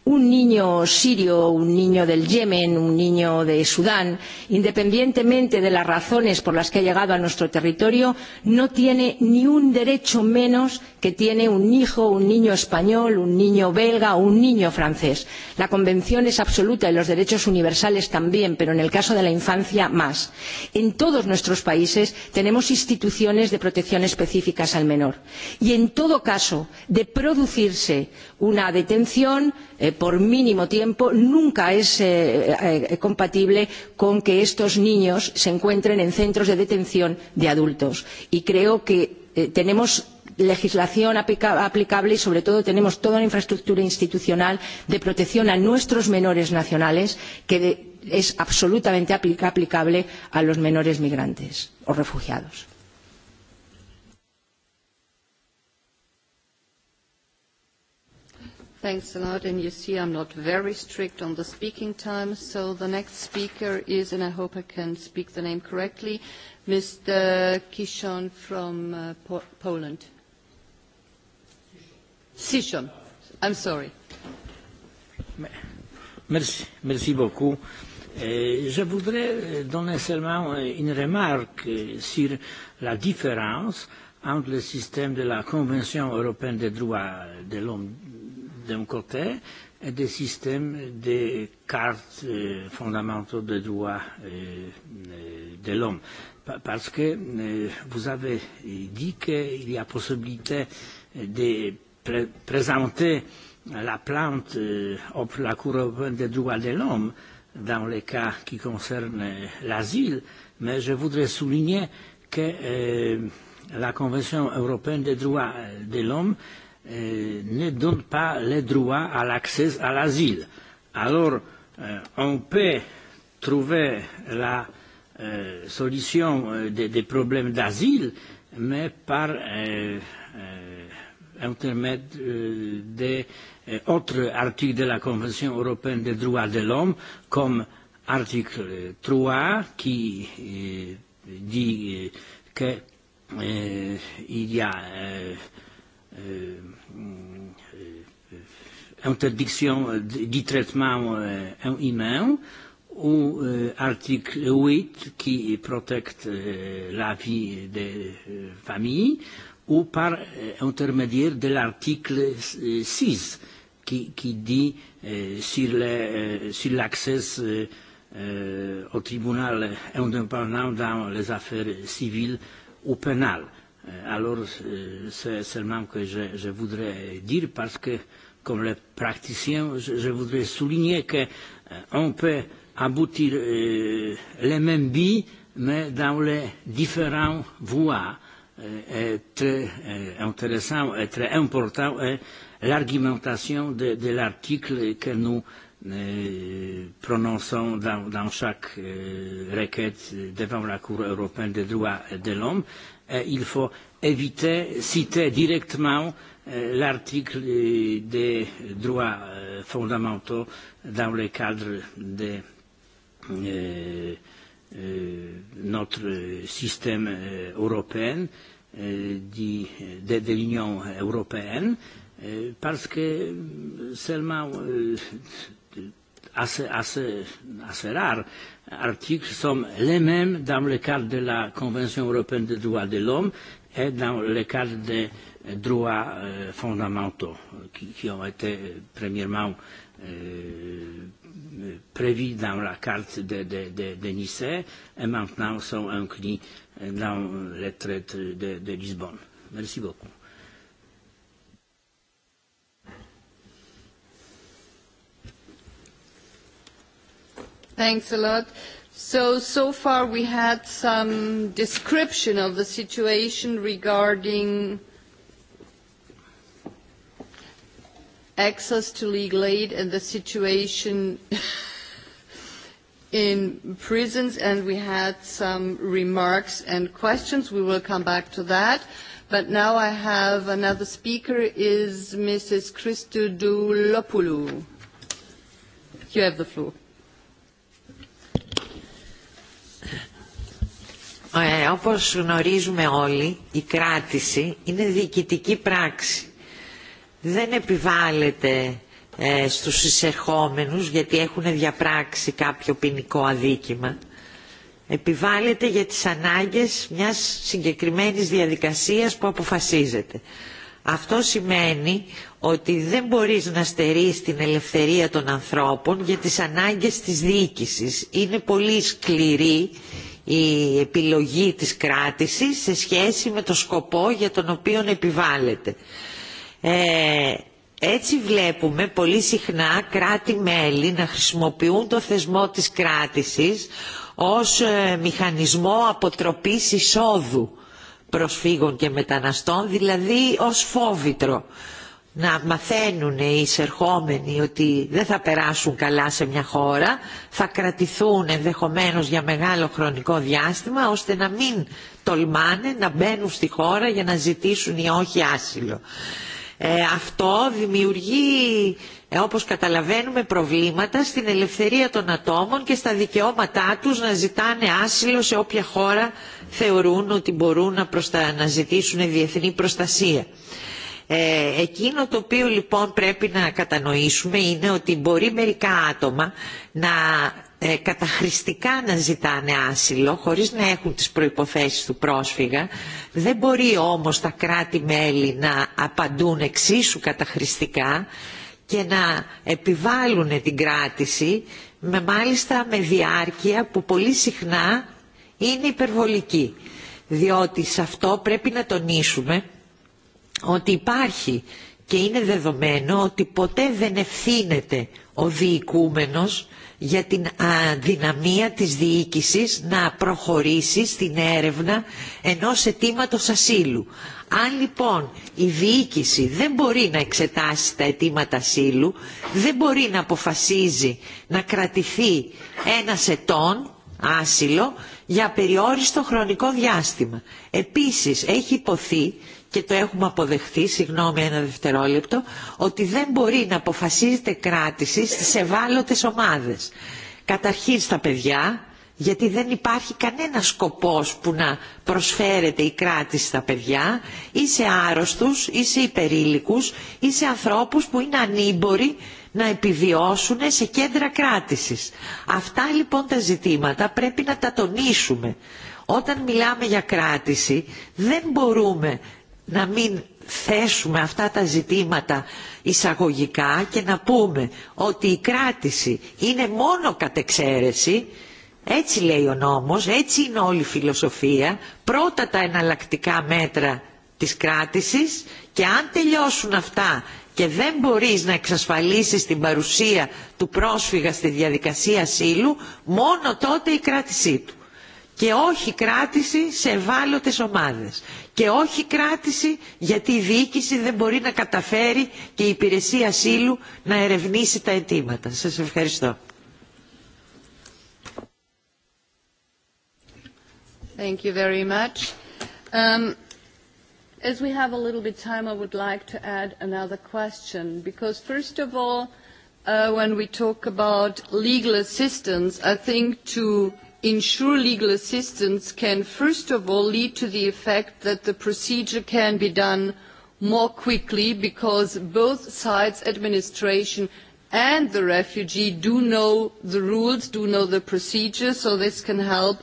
un niño sirio, un niño del Yemen, un niño de Sudán, independientemente de las razones por las que ha llegado a nuestro territorio, no tiene ni un derecho menos que tiene un hijo, un niño español, un niño belga o un niño francés. La Convención es absoluta y los derechos universales también, pero en el caso de la infancia más. En todos nuestros países tenemos instituciones de protección específicas al menor. Y en todo caso, de producirse una detención, Eh, por mínimo tiempo nunca es eh, eh, compatible con que estos niños se encuentren en centros de detención de adultos. Y creo que eh, tenemos legislación aplica aplicable y sobre todo tenemos toda una infraestructura institucional de protección a nuestros menores nacionales que es absolutamente aplica aplicable a los menores migrantes o refugiados. Thanks a lot. And you see I'm not very strict on the speaking time. So the next speaker is, and I hope I can speak the name correctly, Mr. Kishon from uh, po Poland. Sishon. I'm sorry. Merci, merci beaucoup. Euh, je voudrais euh, donner seulement euh, une remarque sur la différence entre le système de la Convention européenne des droits de l'homme d'un côté, et des systèmes de cartes euh, fondamentaux des droits euh, euh, de l'homme. Parce que euh, vous avez dit qu'il y a possibilité de pr présenter la plainte euh, au la Cour européenne des droits de l'homme dans les cas qui concernent euh, l'asile, mais je voudrais souligner que euh, la Convention européenne des droits euh, de l'homme Euh, ne donne pas le droit à l'accès à l'asile. Alors, euh, on peut trouver la euh, solution euh, des, des problèmes d'asile, mais par euh, euh, intermède euh, des euh, autres articles de la Convention européenne des droits de l'homme, comme article 3 qui euh, dit euh, qu'il euh, y a euh, Euh, euh, euh, interdiction du traitement euh, humain ou euh, article 8 qui protège euh, la vie des euh, familles ou par euh, intermédiaire de l'article 6 euh, qui, qui dit euh, sur l'accès euh, euh, au tribunal indépendant dans les affaires civiles ou pénales. Eh, alors, eh, c'est seulement que je, je voudrais dire, parce que, comme le praticien, je, je voudrais souligner qu'on eh, peut aboutir euh, les mêmes billes, mais dans les différentes voies. Euh, est très euh, intéressant et très important est l'argumentation de, de l'article que nous prononçant dans, dans chaque euh, requête devant la Cour européenne des droits de l'homme. E, il faut éviter citer directement e, l'article e, des droits fondamentaux dans le cadre de euh, notre système européen, de, de l'Union européenne, parce que seulement assez assez, assez rare article sont les mêmes dans le cadre de la Convention européenne des droits de l'homme et dans le cadre des droits euh, fondamentaux qui, qui ont été euh, premièrement euh, prévus dans la carte de, de, de, de Nicée et maintenant sont inclus euh, dans les traités de, de Lisbonne. Merci beaucoup. Thanks a lot. So, so far we had some description of the situation regarding access to legal aid and the situation in prisons, and we had some remarks and questions. We will come back to that. But now I have another speaker, is Mrs. Christodoulopoulou. You have the floor. Ε, όπως γνωρίζουμε όλοι, η κράτηση είναι διοικητική πράξη. Δεν επιβάλλεται ε, στους εισερχόμενους γιατί έχουν διαπράξει κάποιο ποινικό αδίκημα. Επιβάλλεται για τις ανάγκες μιας συγκεκριμένης διαδικασίας που αποφασίζεται. Αυτό σημαίνει ότι δεν μπορείς να στερείς την ελευθερία των ανθρώπων για τις ανάγκες της διοίκησης. Είναι πολύ σκληρή η επιλογή της κράτησης σε σχέση με το σκοπό για τον οποίο επιβάλλεται. Ε, έτσι βλέπουμε πολύ συχνά κράτη-μέλη να χρησιμοποιούν το θεσμό της κράτησης ως ε, μηχανισμό αποτροπής εισόδου προσφύγων και μεταναστών, δηλαδή ως φόβητρο να μαθαίνουν οι εισερχόμενοι ότι δεν θα περάσουν καλά σε μια χώρα, θα κρατηθούν ενδεχομένως για μεγάλο χρονικό διάστημα, ώστε να μην τολμάνε να μπαίνουν στη χώρα για να ζητήσουν ή όχι άσυλο. Ε, αυτό δημιουργεί, ε, όπως καταλαβαίνουμε, προβλήματα στην ελευθερία των ατόμων και στα δικαιώματά τους να ζητάνε άσυλο σε όποια χώρα θεωρούν ότι μπορούν να, προστα... να ζητήσουν διεθνή προστασία. Ε, εκείνο το οποίο λοιπόν πρέπει να κατανοήσουμε είναι ότι μπορεί μερικά άτομα να ε, καταχρηστικά να ζητάνε άσυλο χωρίς να έχουν τις προϋποθέσεις του πρόσφυγα. Δεν μπορεί όμως τα κράτη-μέλη να απαντούν εξίσου καταχρηστικά και να επιβάλλουν την κράτηση με μάλιστα με διάρκεια που πολύ συχνά είναι υπερβολική. Διότι σε αυτό πρέπει να τονίσουμε ότι υπάρχει και είναι δεδομένο ότι ποτέ δεν ευθύνεται ο διοικούμενος για την αδυναμία της διοίκησης να προχωρήσει στην έρευνα ενός αιτήματο ασύλου. Αν λοιπόν η διοίκηση δεν μπορεί να εξετάσει τα αιτήματα ασύλου, δεν μπορεί να αποφασίζει να κρατηθεί ένας ετών άσυλο για περιόριστο χρονικό διάστημα. Επίσης έχει υποθεί και το έχουμε αποδεχθεί, συγγνώμη ένα δευτερόλεπτο, ότι δεν μπορεί να αποφασίζεται κράτηση στις ευάλωτες ομάδες. Καταρχήν στα παιδιά, γιατί δεν υπάρχει κανένα σκοπός που να προσφέρεται η κράτηση στα παιδιά ή σε άρρωστους ή σε υπερήλικους ή σε ανθρώπους που είναι ανήμποροι να επιβιώσουν σε κέντρα κράτησης. Αυτά λοιπόν τα ζητήματα πρέπει να τα τονίσουμε. Όταν μιλάμε για κράτηση δεν μπορούμε να μην θέσουμε αυτά τα ζητήματα εισαγωγικά και να πούμε ότι η κράτηση είναι μόνο κατ' εξαίρεση, έτσι λέει ο νόμος, έτσι είναι όλη η φιλοσοφία, πρώτα τα εναλλακτικά μέτρα της κράτησης και αν τελειώσουν αυτά και δεν μπορείς να εξασφαλίσεις την παρουσία του πρόσφυγα στη διαδικασία ασύλου, μόνο τότε η κράτησή του και όχι κράτηση σε ευάλωτες ομάδες και όχι κράτηση γιατί η διοίκηση δεν μπορεί να καταφέρει και η υπηρεσία ασύλου να ερευνήσει τα αιτήματα. Σας ευχαριστώ. Thank you very much. Um, as we have a little bit time, I would like to add another question because first of all, uh, when we talk about legal assistance, I think to ensure legal assistance can first of all lead to the effect that the procedure can be done more quickly because both sides administration and the refugee do know the rules do know the procedure so this can help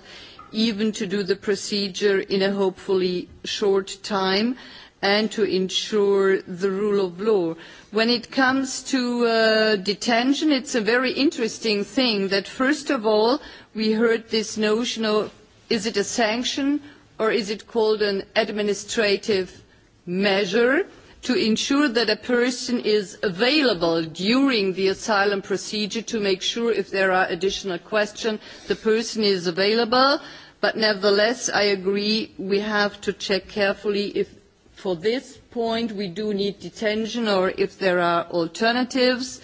even to do the procedure in a hopefully short time and to ensure the rule of law. When it comes to uh, detention, it's a very interesting thing that first of all, we heard this notion of is it a sanction or is it called an administrative measure to ensure that a person is available during the asylum procedure to make sure if there are additional questions the person is available but nevertheless I agree we have to check carefully if for this point we do need detention or if there are alternatives.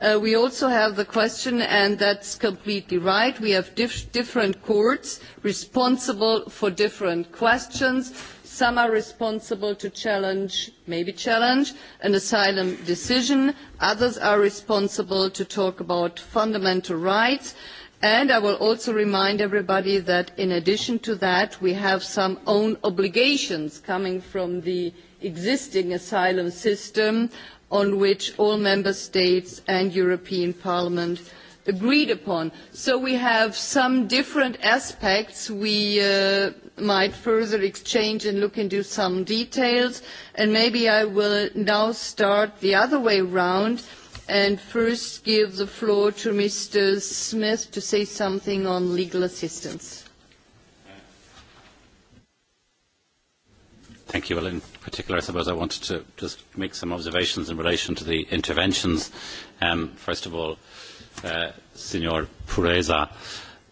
Uh, we also have the question, and that's completely right, we have dif different courts responsible for different questions. Some are responsible to challenge, maybe challenge, an asylum decision. Others are responsible to talk about fundamental rights. And I will also remind everybody that in addition to that, we have some own obligations coming from the existing asylum system on which all member states and European Parliament agreed upon. So we have some different aspects we uh, might further exchange and look into some details. And maybe I will now start the other way round and first give the floor to Mr. Smith to say something on legal assistance. Thank you, Ellen particular, I suppose I wanted to just make some observations in relation to the interventions. Um, first of all, uh, Senor Pureza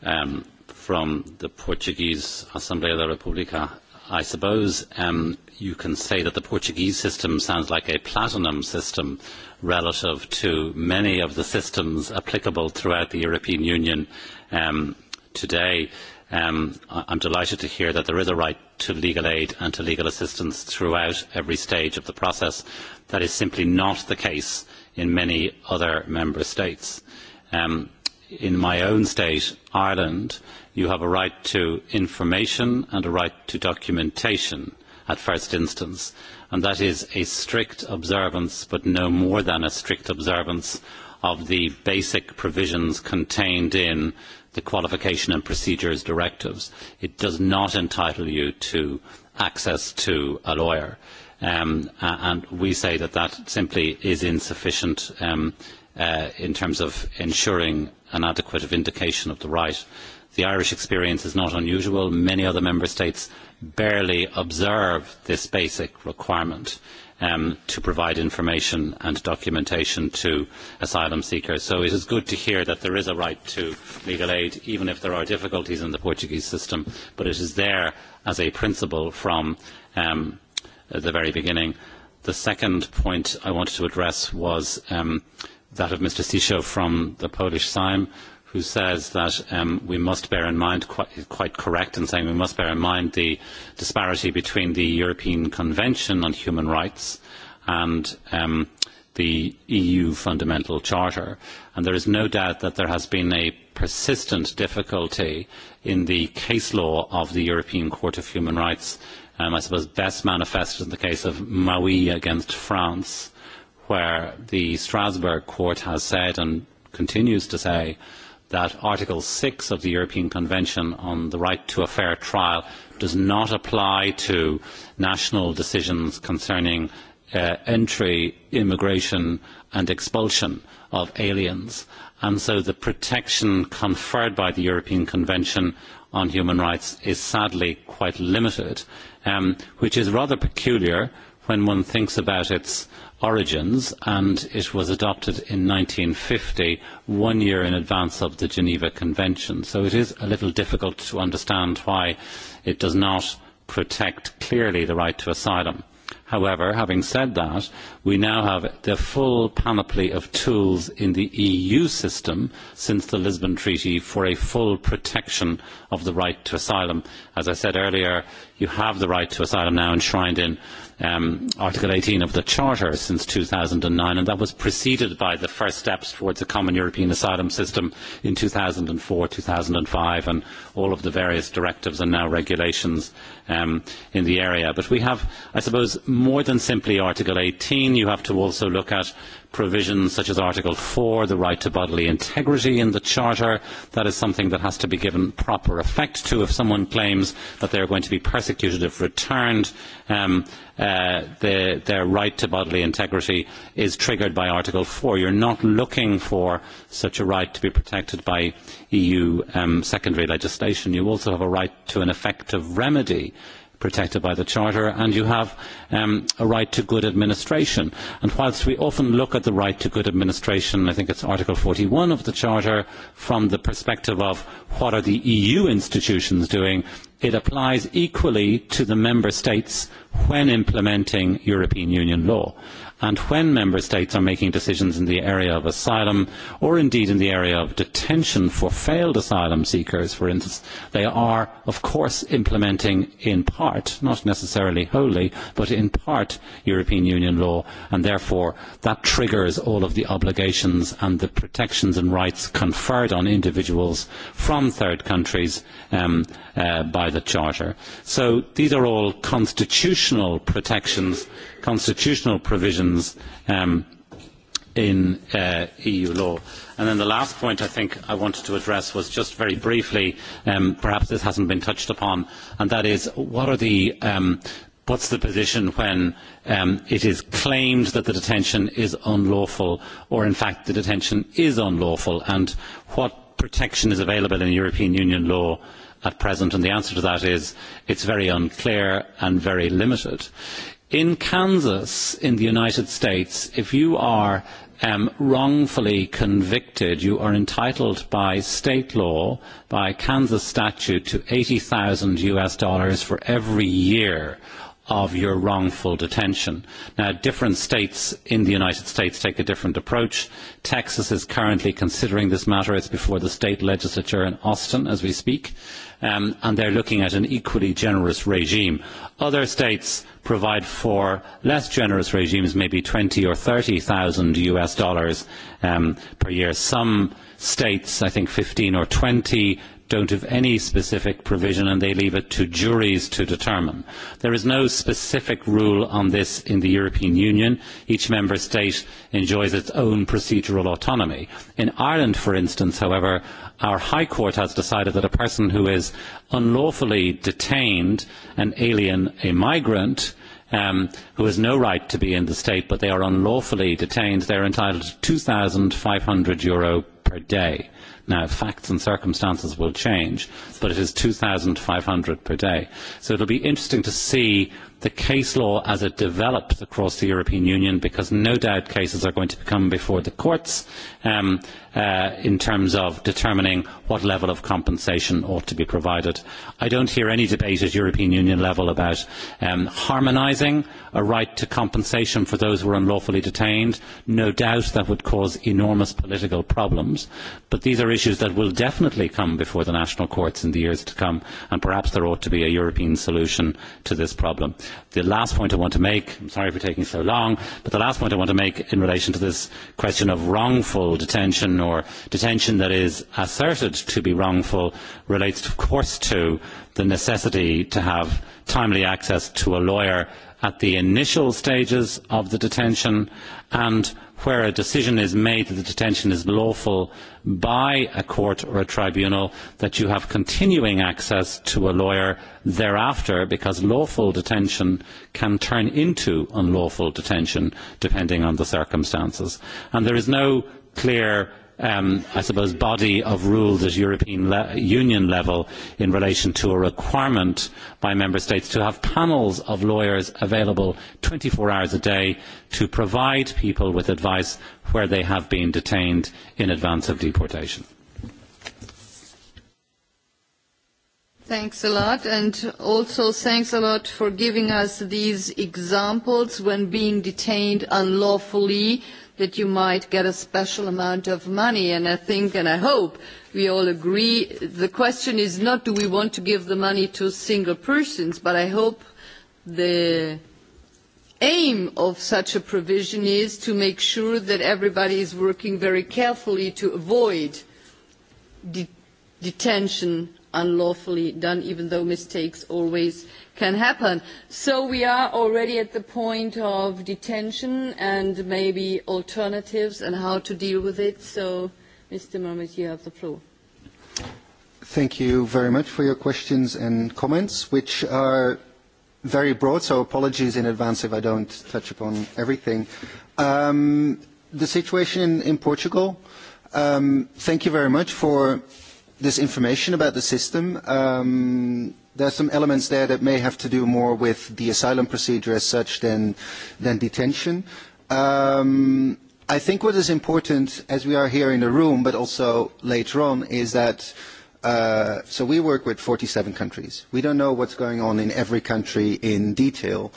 um, from the Portuguese Assembleia da República. I suppose um, you can say that the Portuguese system sounds like a platinum system relative to many of the systems applicable throughout the European Union um, today Um, I am delighted to hear that there is a right to legal aid and to legal assistance throughout every stage of the process. That is simply not the case in many other member states. Um, in my own state, Ireland, you have a right to information and a right to documentation at first instance and that is a strict observance, but no more than a strict observance, of the basic provisions contained in the Qualification and Procedures Directives. It does not entitle you to access to a lawyer. Um, and we say that that simply is insufficient um, uh, in terms of ensuring an adequate vindication of the right. The Irish experience is not unusual. Many other member states barely observe this basic requirement um, to provide information and documentation to asylum seekers. So it is good to hear that there is a right to legal aid, even if there are difficulties in the Portuguese system, but it is there as a principle from um, the very beginning. The second point I wanted to address was um, that of Mr. Sisho from the Polish Sejm, who says that um, we must bear in mind, quite, quite correct in saying we must bear in mind the disparity between the European Convention on Human Rights and um, the EU Fundamental Charter. And there is no doubt that there has been a persistent difficulty in the case law of the European Court of Human Rights, um, I suppose best manifested in the case of Maui against France, where the Strasbourg Court has said and continues to say that Article six of the European Convention on the Right to a Fair Trial does not apply to national decisions concerning uh, entry, immigration and expulsion of aliens. And so the protection conferred by the European Convention on Human Rights is sadly quite limited, um, which is rather peculiar when one thinks about its origins and it was adopted in fifty, one year in advance of the Geneva Convention. So it is a little difficult to understand why it does not protect clearly the right to asylum. However, having said that, we now have the full panoply of tools in the EU system since the Lisbon Treaty for a full protection of the right to asylum. As I said earlier, you have the right to asylum now enshrined in um, Article 18 of the Charter since 2009, and that was preceded by the first steps towards a common European asylum system in 2004, 2005, and all of the various directives and now regulations um, in the area. But we have, I suppose, more than simply Article 18. You have to also look at provisions such as Article 4, the right to bodily integrity in the Charter. That is something that has to be given proper effect to if someone claims that they are going to be persecuted if returned. Um, uh, the, their right to bodily integrity is triggered by Article 4. You're not looking for such a right to be protected by EU um, secondary legislation. You also have a right to an effective remedy protected by the Charter, and you have um, a right to good administration. And whilst we often look at the right to good administration, I think it is Article forty one of the Charter, from the perspective of what are the EU institutions doing, it applies equally to the member states when implementing European Union law and when member states are making decisions in the area of asylum or indeed in the area of detention for failed asylum seekers, for instance, they are, of course, implementing in part, not necessarily wholly, but in part European Union law, and therefore that triggers all of the obligations and the protections and rights conferred on individuals from third countries um, uh, by the Charter. So these are all constitutional protections, constitutional provisions provisions um, in uh, EU law. And then the last point I think I wanted to address was just very briefly, um, perhaps this hasn't been touched upon, and that is what are the um, what's the position when um, it is claimed that the detention is unlawful or in fact the detention is unlawful and what protection is available in European Union law at present and the answer to that is it is very unclear and very limited in Kansas, in the United States, if you are um, wrongfully convicted, you are entitled by state law, by Kansas statute, to eighty thousand US dollars for every year of your wrongful detention. Now, different states in the United States take a different approach. Texas is currently considering this matter. It's before the state legislature in Austin as we speak. Um, and they're looking at an equally generous regime. Other states provide for less generous regimes, maybe twenty or thirty thousand US dollars um, per year. Some states, I think fifteen or twenty don't have any specific provision and they leave it to juries to determine. There is no specific rule on this in the European Union. Each member state enjoys its own procedural autonomy. In Ireland, for instance, however, our High Court has decided that a person who is unlawfully detained, an alien, a migrant, um, who has no right to be in the state, but they are unlawfully detained, they are entitled to €2,500 per day Now, facts and circumstances will change, but it is 2,500 per day. So it'll be interesting to see the case law as it develops across the European Union, because no doubt cases are going to come before the courts. Um, uh, in terms of determining what level of compensation ought to be provided. I do not hear any debate at European Union level about um, harmonising a right to compensation for those who are unlawfully detained. No doubt that would cause enormous political problems, but these are issues that will definitely come before the national courts in the years to come, and perhaps there ought to be a European solution to this problem. The last point I want to make, I am sorry for taking so long, but the last point I want to make in relation to this question of wrongful detention or detention that is asserted to be wrongful relates, of course, to the necessity to have timely access to a lawyer at the initial stages of the detention and where a decision is made that the detention is lawful by a court or a tribunal, that you have continuing access to a lawyer thereafter, because lawful detention can turn into unlawful detention depending on the circumstances. And there is no clear um, I suppose, body of rules at European le Union level in relation to a requirement by Member States to have panels of lawyers available 24 hours a day to provide people with advice where they have been detained in advance of deportation. Thanks a lot, and also thanks a lot for giving us these examples when being detained unlawfully that you might get a special amount of money. And I think and I hope we all agree the question is not do we want to give the money to single persons, but I hope the aim of such a provision is to make sure that everybody is working very carefully to avoid de detention unlawfully done, even though mistakes always can happen. So we are already at the point of detention and maybe alternatives and how to deal with it. So, Mr. Mermet, you have the floor. Thank you very much for your questions and comments, which are very broad, so apologies in advance if I don't touch upon everything. Um, the situation in, in Portugal, um, thank you very much for this information about the system. Um, there are some elements there that may have to do more with the asylum procedure as such than, than detention. Um, I think what is important, as we are here in the room, but also later on, is that uh, so we work with 47 countries. We don't know what's going on in every country in detail.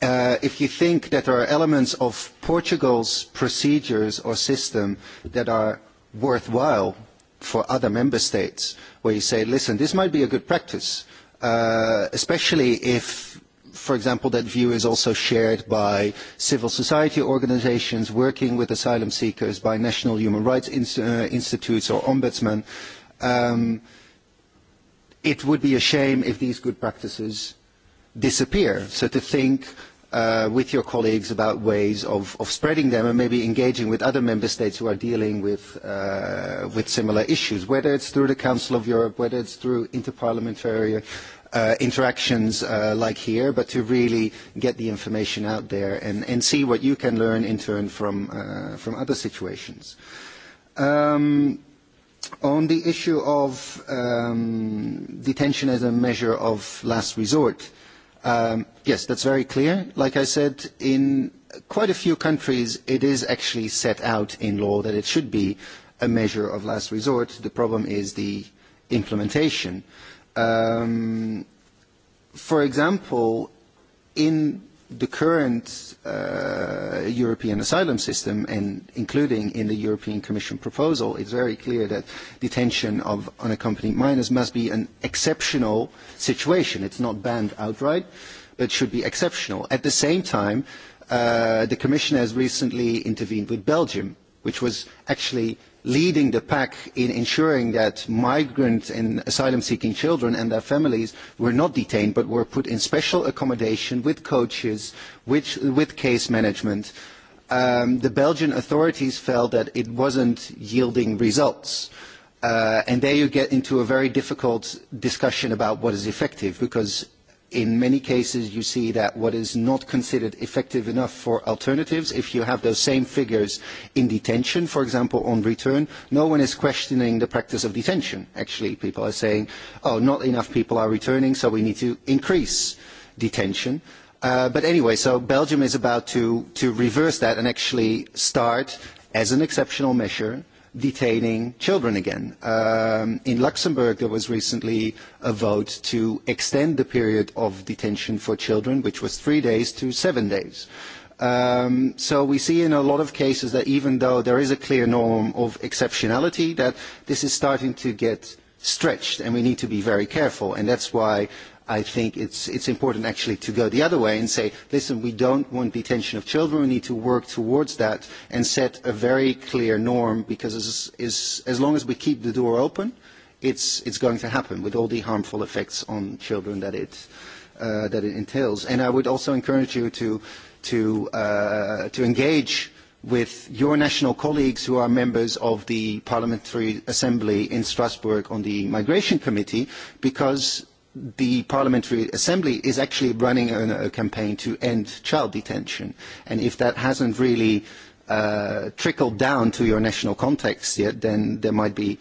Uh, if you think that there are elements of Portugal's procedures or system that are worthwhile for other member states, where you say, listen, this might be a good practice, uh, uh, especially if, for example, that view is also shared by civil society organizations working with asylum seekers, by national human rights uh, institutes or ombudsmen. Um, it would be a shame if these good practices disappear. So to think uh, with your colleagues about ways of, of spreading them and maybe engaging with other member states who are dealing with, uh, with similar issues, whether it's through the Council of Europe, whether it's through interparliamentary uh, interactions uh, like here, but to really get the information out there and, and see what you can learn in turn from, uh, from other situations. Um, on the issue of um, detention as a measure of last resort, Um, yes, that's very clear. Like I said, in quite a few countries, it is actually set out in law that it should be a measure of last resort. The problem is the implementation. Um, for example, in the current uh, European asylum system, and including in the European Commission proposal, it's very clear that detention of unaccompanied minors must be an exceptional situation. It's not banned outright, but should be exceptional. At the same time, uh, the Commission has recently intervened with Belgium, which was actually leading the pack in ensuring that migrant and asylum-seeking children and their families were not detained but were put in special accommodation with coaches, with, with case management. Um, the Belgian authorities felt that it wasn't yielding results. Uh, and there you get into a very difficult discussion about what is effective because in many cases you see that what is not considered effective enough for alternatives, if you have those same figures in detention, for example, on return, no one is questioning the practice of detention. Actually, people are saying, oh, not enough people are returning, so we need to increase detention. Uh, but anyway, so Belgium is about to, to reverse that and actually start, as an exceptional measure, detaining children again. Um, in Luxembourg, there was recently a vote to extend the period of detention for children, which was three days to seven days. Um, so we see in a lot of cases that even though there is a clear norm of exceptionality, that this is starting to get stretched and we need to be very careful. And that's why i think it's, it's important actually to go the other way and say, listen, we don't want detention of children. We need to work towards that and set a very clear norm because as, as, as long as we keep the door open, it's, it's going to happen with all the harmful effects on children that it, uh, that it entails. And I would also encourage you to, to, uh, to engage with your national colleagues who are members of the Parliamentary Assembly in Strasbourg on the Migration Committee because the Parliamentary Assembly is actually running a, a campaign to end child detention. And if that hasn't really uh, trickled down to your national context yet, then there might be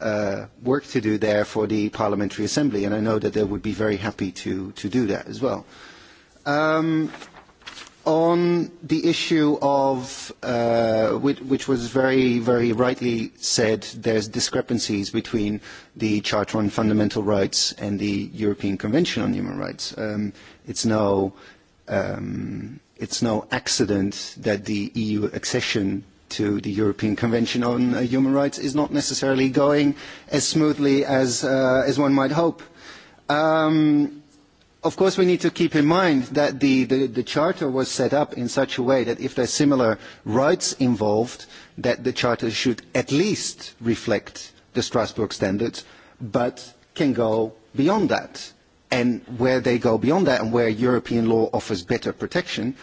uh, work to do there for the Parliamentary Assembly. And I know that they would be very happy to, to do that as well. Um, on the issue of, uh, which, which was very, very rightly said, there's discrepancies between the Charter on Fundamental Rights and the European Convention on Human Rights. Um, it's, no, um, it's no accident that the EU accession to the European Convention on uh, Human Rights is not necessarily going as smoothly as, uh, as one might hope. Um, Of course, we need to keep in mind that the, the, the charter was set up in such a way that if there are similar rights involved, that the charter should at least reflect the Strasbourg standards, but can go beyond that. And where they go beyond that and where European law offers better protection,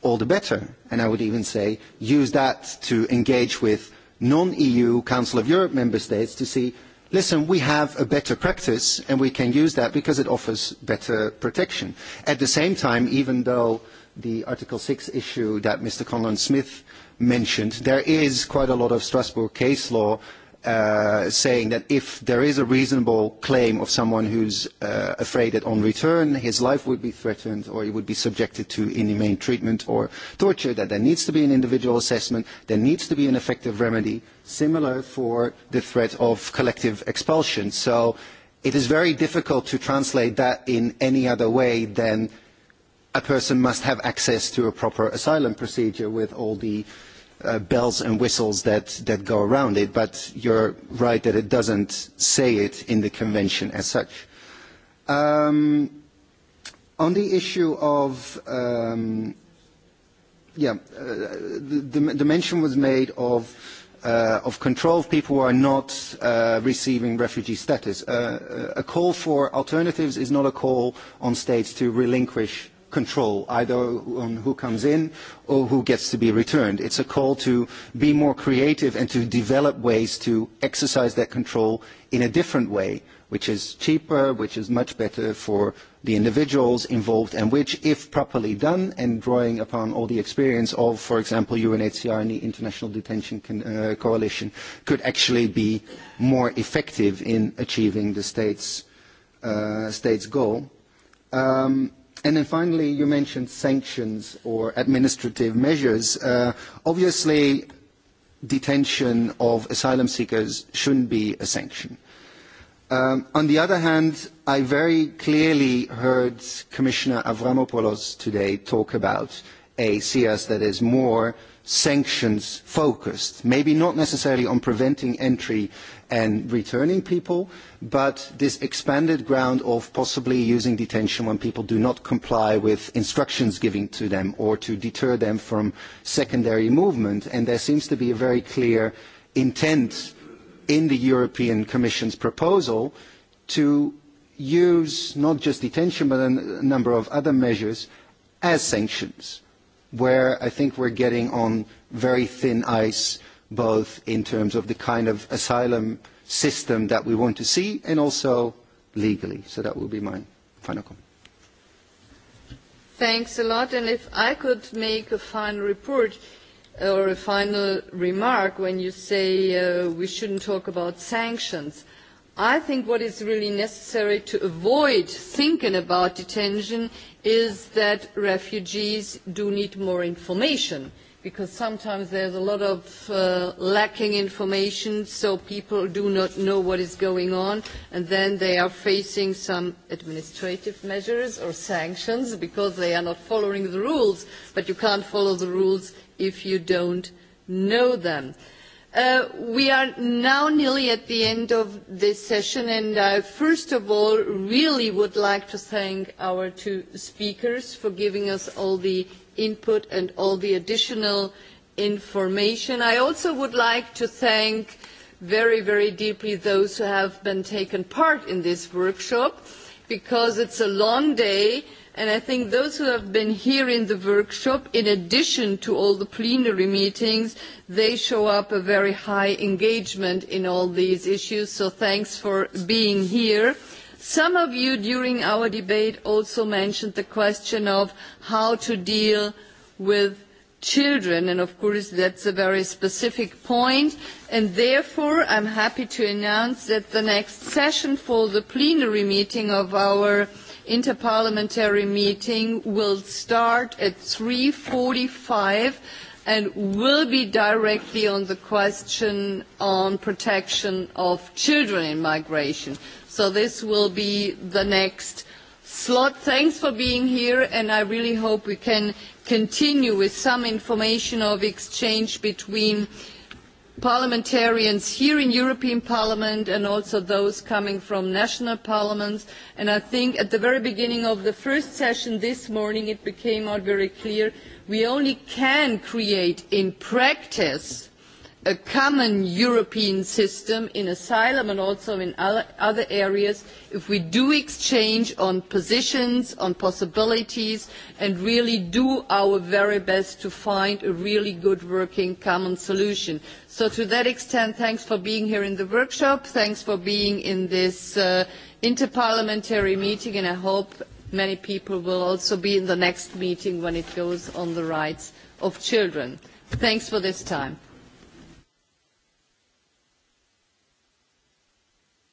all the better. And I would even say use that to engage with non-EU Council of Europe member states to see listen, we have a better practice and we can use that because it offers better protection. At the same time, even though the Article six issue that Mr. Conlon Smith mentioned, there is quite a lot of Strasbourg case law Uh, saying that if there is a reasonable claim of someone who's uh, afraid that on return his life would be threatened or he would be subjected to inhumane treatment or torture, that there needs to be an individual assessment, there needs to be an effective remedy, similar for the threat of collective expulsion. So it is very difficult to translate that in any other way than a person must have access to a proper asylum procedure with all the uh, uh, bells and whistles that, that go around it, but you're right that it doesn't say it in the convention as such. Um, on the issue of, um, yeah, uh, the, the, the mention was made of, uh, of control of people who are not uh, receiving refugee status. Uh, uh a call for alternatives is not a call on states to relinquish control, either on who comes in or who gets to be returned. It's a call to be more creative and to develop ways to exercise that control in a different way, which is cheaper, which is much better for the individuals involved, and which, if properly done and drawing upon all the experience of, for example, UNHCR and the International Detention Con uh, Coalition, could actually be more effective in achieving the state's, uh, state's goal. Um, And then finally, you mentioned sanctions or administrative measures. Uh, obviously, detention of asylum seekers shouldn't be a sanction. Um, on the other hand, I very clearly heard Commissioner Avramopoulos today talk about a CS that is more uh, sanctions focused, maybe not necessarily on preventing entry and returning people, but this expanded ground of possibly using detention when people do not comply with instructions given to them or to deter them from secondary movement. And there seems to be a very clear intent in the European Commission's proposal to use not just detention but a number of other measures as sanctions where I think we're getting on very thin ice, both in terms of the kind of asylum system that we want to see and also legally. So that will be my final comment. Thanks a lot. And if I could make a final report or a final remark when you say uh, we shouldn't talk about sanctions. I think what is really necessary to avoid thinking about detention is that refugees do need more information because sometimes there is a lot of uh, lacking information so people do not know what is going on and then they are facing some administrative measures or sanctions because they are not following the rules but you can't follow the rules if you don't know them. Uh, we are now nearly at the end of this session, and I first of all really would like to thank our two speakers for giving us all the input and all the additional information. I also would like to thank very, very deeply those who have been taken part in this workshop, because it's a long day, And I think those who have been here in the workshop, in addition to all the plenary meetings, they show up a very high engagement in all these issues. So thanks for being here. Some of you during our debate also mentioned the question of how to deal with children and of course that is a very specific point and therefore I am happy to announce that the next session for the plenary meeting of our interparliamentary meeting will start at three forty five and will be directly on the question on protection of children in migration. So this will be the next slot. Thanks for being here, and I really hope we can continue with some information of exchange between parliamentarians here in the European Parliament and also those coming from national parliaments. And I think at the very beginning of the first session this morning, it became very clear that we only can create in practice a common European system in asylum and also in other areas if we do exchange on positions, on possibilities, and really do our very best to find a really good working common solution. So to that extent, thanks for being here in the workshop, thanks for being in this uh, interparliamentary meeting, and I hope many people will also be in the next meeting when it goes on the rights of children. Thanks for this time.